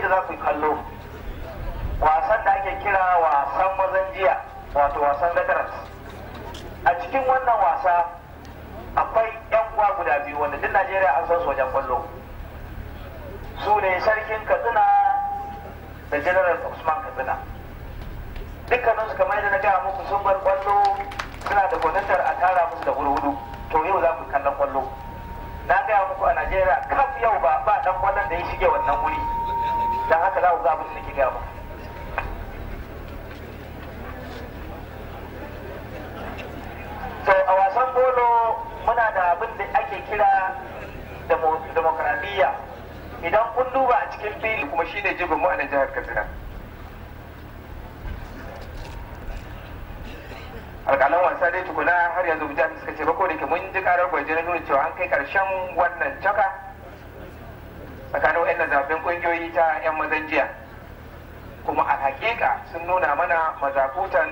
ce da za ku kallo wasan da ake kira wasan mazan jiya wato wasan veterans a cikin wannan wasa akwai yan uwa guda biyu wanda duk najeriya an san su wajen kwallo su ne sarkin katsina da general usman katsina dukkanin su kamar yadda na gaya muku sun bar kwallo suna da gwanintar a tara musu da wuri to yau za ku kallon kwallo na gaya muku a najeriya kaf yau ba ba dan kwallon da ya shige wannan wuri za ku ga abin da nake to a wasan bolo muna da abin da ake kira demokradiyya idan kun duba a cikin fili kuma shi ne jibin mu a jihar katsina alƙalan wasa dai tukuna har yanzu jami'ai suka ce ba da ke mun ji karar gwaje na nuna cewa an kai ƙarshen wannan caka tsakanin wa'in zaben ƙungiyoyi ta 'yan mazan jiya kuma a hakika sun nuna mana mazakutan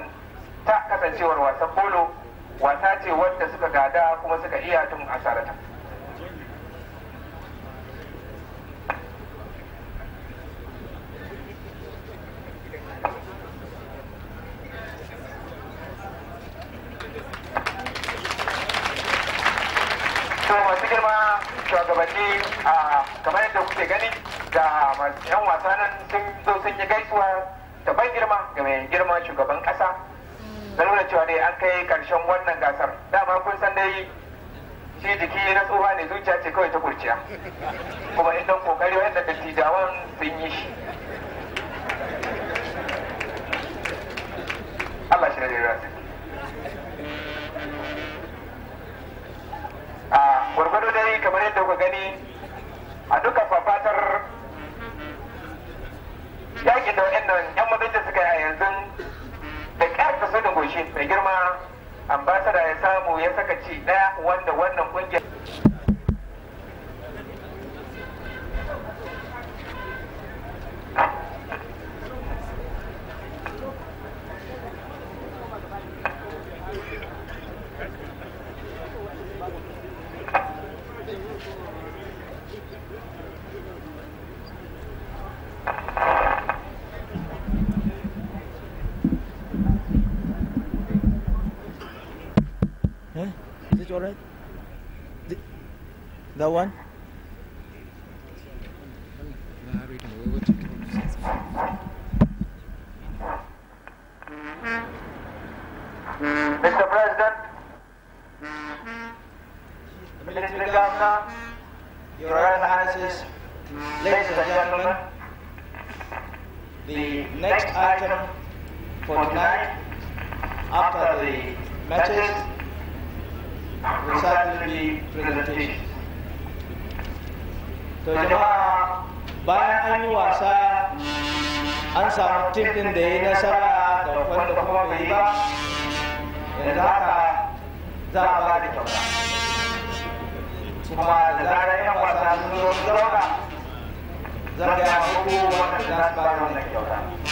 ta kasancewar wasan bolo wasa ce wadda suka gada kuma suka iya tun asarata to masu girma shugabanni a kamar yadda kuke gani da yan wasa nan sun zo sun yi gaisuwa da ban girma ga mai girma shugaban kasa da nuna cewa ne an kai karshen wannan gasar dama kun san dai shi jiki na tsoha ne zuciya ce kawai ta kurciya kuma idan kokari wanda dattijawan sun yi shi Allah shi ne rasu da wa'anda yan majalisa suka yi a yanzu da ƙarfi su da goshi mai girma ambasada ya samu ya saka ci ɗaya wanda wannan ƙungiyar Huh? Is it alright? The, that one? Mr. President, Military Governor, Your Royal Highnesses, ladies and gentlemen, the next item for tonight, after the matches, recyclable presentation to jama'a bayan an yi wasa an samu tim ɗin da ya yi nasara da wanda kuma bai yi ba yanzu haka za a ba da kyauta kuma da zarar yan wasa sun zo zauna zan gaya muku wanda za su ba da wannan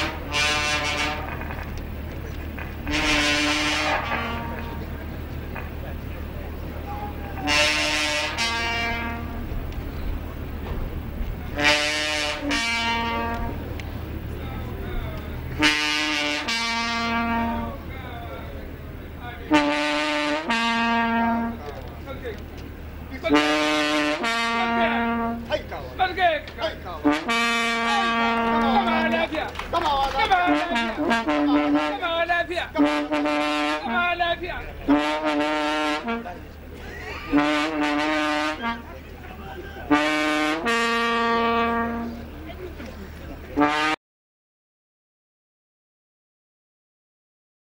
Come on,